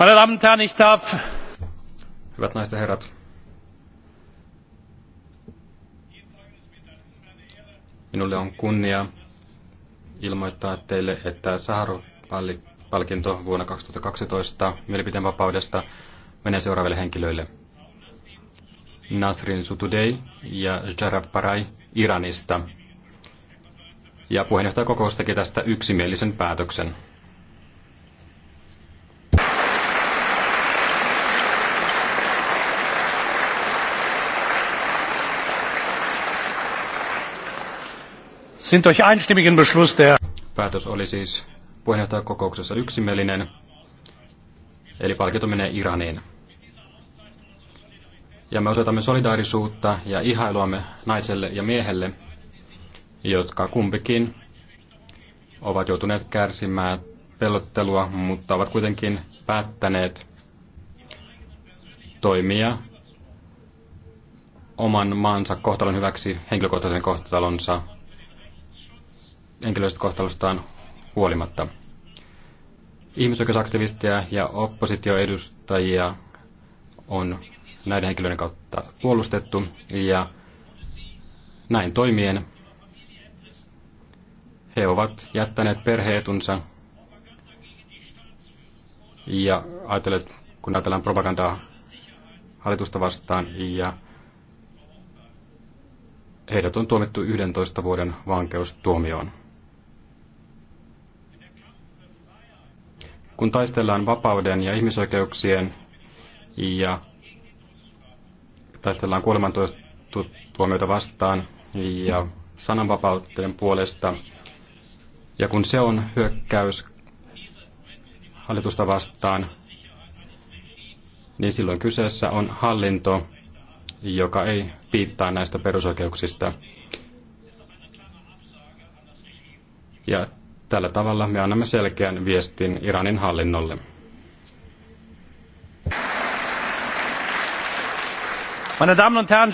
Meine Damen und Herren, ich darf... Hyvät naiset ja herrat. Minulle on kunnia ilmoittaa teille, että Saharov-palkinto vuonna 2012 mielipiteenvapaudesta menee seuraaville henkilöille. Nasrin Sutudei ja Jarab Parai Iranista. Ja puheenjohtajakokous teki tästä yksimielisen päätöksen. sind durch einstimmigen Beschluss der Päätös oli siis puheenjohtajakokouksessa yksimielinen, eli palkinto menee Iraniin. Ja me osoitamme solidaarisuutta ja ihailuamme naiselle ja miehelle, jotka kumpikin ovat joutuneet kärsimään pelottelua, mutta ovat kuitenkin päättäneet toimia oman maansa kohtalon hyväksi henkilökohtaisen kohtalonsa henkilöistä kohtalostaan huolimatta. Ihmisoikeusaktivisteja ja oppositioedustajia on näiden henkilöiden kautta puolustettu ja näin toimien he ovat jättäneet perheetunsa ja ajatelleet, kun ajatellaan propagandaa hallitusta vastaan ja heidät on tuomittu 11 vuoden vankeustuomioon. Kun taistellaan vapauden ja ihmisoikeuksien ja taistellaan kuolemantuomioita vastaan ja sananvapauteen puolesta, ja kun se on hyökkäys hallitusta vastaan, niin silloin kyseessä on hallinto, joka ei piittaa näistä perusoikeuksista. Ja Tällä tavalla me annamme selkeän viestin Iranin hallinnolle. Meine Damen und Herren,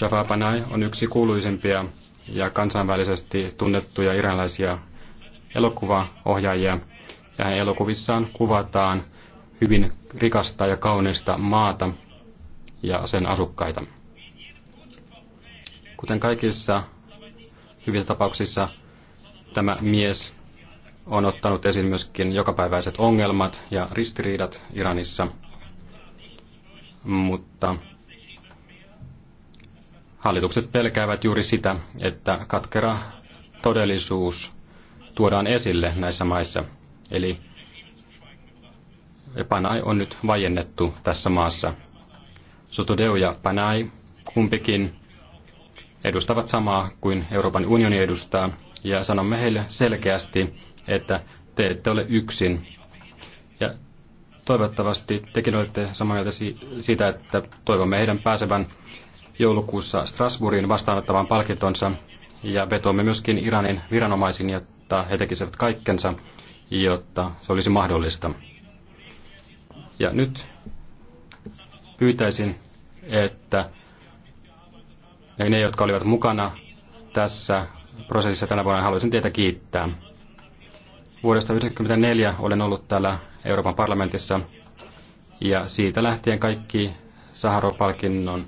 Jafar Panay on yksi kuuluisimpia ja kansainvälisesti tunnettuja iranilaisia elokuvaohjaajia. Ja hänen elokuvissaan kuvataan hyvin rikasta ja kaunista maata ja sen asukkaita. Kuten kaikissa hyvissä tapauksissa, Tämä mies on ottanut esiin myöskin jokapäiväiset ongelmat ja ristiriidat Iranissa, mutta hallitukset pelkäävät juuri sitä, että katkera todellisuus tuodaan esille näissä maissa. Eli Panai on nyt vajennettu tässä maassa. Sotodeu ja Panai kumpikin edustavat samaa kuin Euroopan unioni edustaa, ja sanomme heille selkeästi, että te ette ole yksin. Ja toivottavasti tekin olette samaa mieltä siitä, että toivomme heidän pääsevän joulukuussa Strasbourgin vastaanottavan palkintonsa ja vetoamme myöskin Iranin viranomaisiin, jotta he tekisivät kaikkensa, jotta se olisi mahdollista. Ja nyt pyytäisin, että ne, jotka olivat mukana tässä prosessissa tänä vuonna. Haluaisin teitä kiittää. Vuodesta 1994 olen ollut täällä Euroopan parlamentissa ja siitä lähtien kaikki Saharo-palkinnon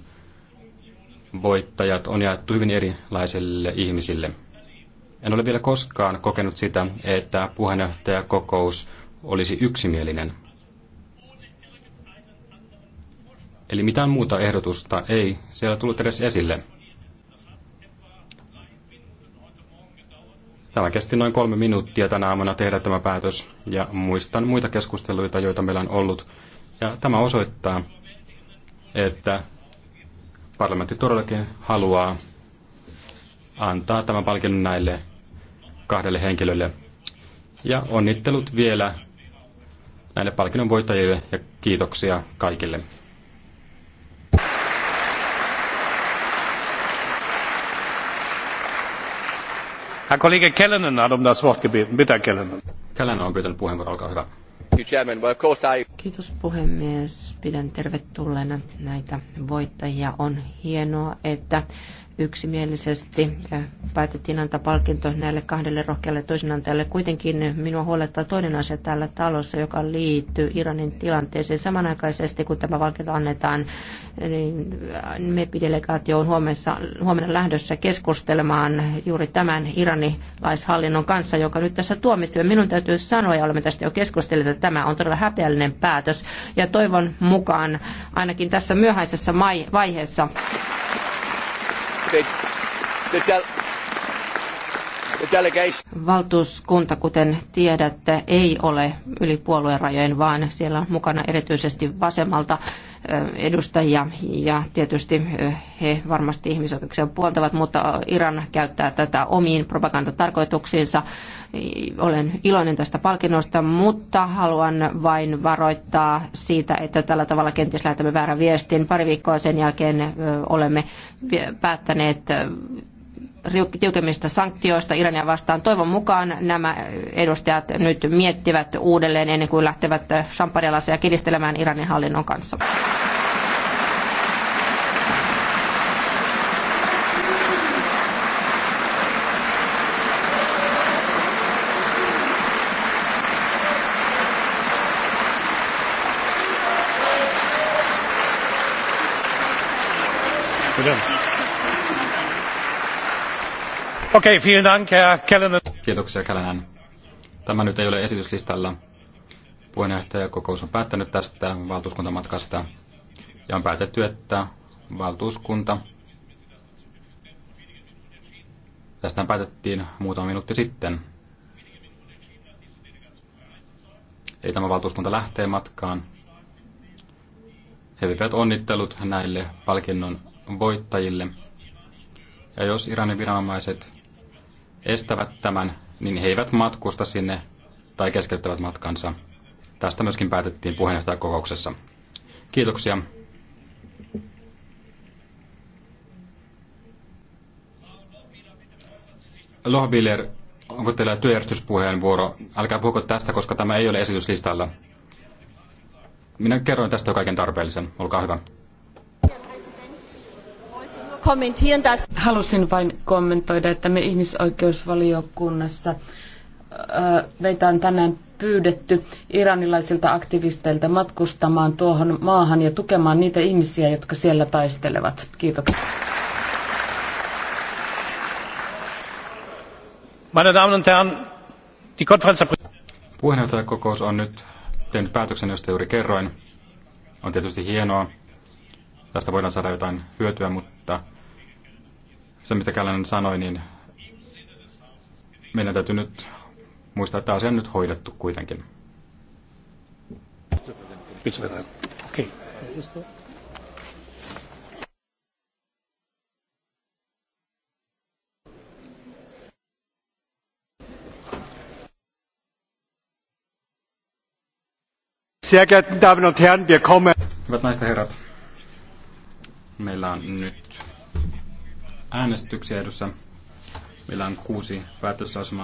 voittajat on jaettu hyvin erilaisille ihmisille. En ole vielä koskaan kokenut sitä, että puheenjohtajakokous olisi yksimielinen. Eli mitään muuta ehdotusta ei siellä tullut edes esille. Tämä kesti noin kolme minuuttia tänä aamuna tehdä tämä päätös ja muistan muita keskusteluita, joita meillä on ollut. Ja tämä osoittaa, että parlamentti todellakin haluaa antaa tämän palkinnon näille kahdelle henkilölle. Ja onnittelut vielä näille palkinnon voittajille ja kiitoksia kaikille. Herr Kollege Kellenen hat um das Wort gebeten. Bitte, Kellenen. Kellenen Kiitos puhemies. Pidän tervetulleena näitä voittajia. On hienoa, että yksimielisesti päätettiin antaa palkinto näille kahdelle rohkealle toisenantajalle. Kuitenkin minua huolettaa toinen asia täällä talossa, joka liittyy Iranin tilanteeseen. Samanaikaisesti, kun tämä palkinto annetaan, niin MEPI-delegaatio on huomessa, huomenna lähdössä keskustelemaan juuri tämän iranilaishallinnon kanssa, joka nyt tässä tuomitsee. Minun täytyy sanoa, ja olemme tästä jo keskustelleet, että tämä on todella häpeällinen päätös. Ja toivon mukaan ainakin tässä myöhäisessä vaiheessa they, they tell Valtuuskunta, kuten tiedätte, ei ole yli puoluerajojen, vaan siellä on mukana erityisesti vasemmalta edustajia ja tietysti he varmasti ihmisoikeuksia puoltavat, mutta Iran käyttää tätä omiin propagandatarkoituksiinsa. Olen iloinen tästä palkinnosta, mutta haluan vain varoittaa siitä, että tällä tavalla kenties lähetämme väärän viestin. Pari viikkoa sen jälkeen olemme päättäneet tiukemmista sanktioista Irania vastaan. Toivon mukaan nämä edustajat nyt miettivät uudelleen ennen kuin lähtevät champagnelaseja kiristelemään Iranin hallinnon kanssa. Okei, okay, vielen dank, Herr Kellenen. Kiitoksia, Kellenen. Tämä nyt ei ole esityslistalla. puheenjohtaja, kokous on päättänyt tästä valtuuskuntamatkasta ja on päätetty, että valtuuskunta Tästä päätettiin muutama minuutti sitten. Eli tämä valtuuskunta lähtee matkaan. Hevipät onnittelut näille palkinnon voittajille. Ja jos Iranin viranomaiset estävät tämän, niin he eivät matkusta sinne tai keskeyttävät matkansa. Tästä myöskin päätettiin puheenjohtajakokouksessa. Kiitoksia. Lohbiller, onko teillä työjärjestyspuheenvuoro? Älkää puhuko tästä, koska tämä ei ole esityslistalla. Minä kerroin tästä kaiken tarpeellisen. Olkaa hyvä. Halusin vain kommentoida, että me ihmisoikeusvaliokunnassa meitä on tänään pyydetty iranilaisilta aktivisteilta matkustamaan tuohon maahan ja tukemaan niitä ihmisiä, jotka siellä taistelevat. Kiitoksia. Meine Damen und Herren, die Konferenz Puheenjohtajakokous on nyt tehnyt päätöksen, josta juuri kerroin. On tietysti hienoa, tästä voidaan saada jotain hyötyä, mutta se mitä Kälänen sanoi, niin meidän täytyy nyt muistaa, että asia on nyt hoidettu kuitenkin. Okay. Sehr geehrten Damen und Herren, wir kommen. Hyvät naiset ja herrat, Meillä on nyt äänestyksiä edussa. Meillä on kuusi päätösasema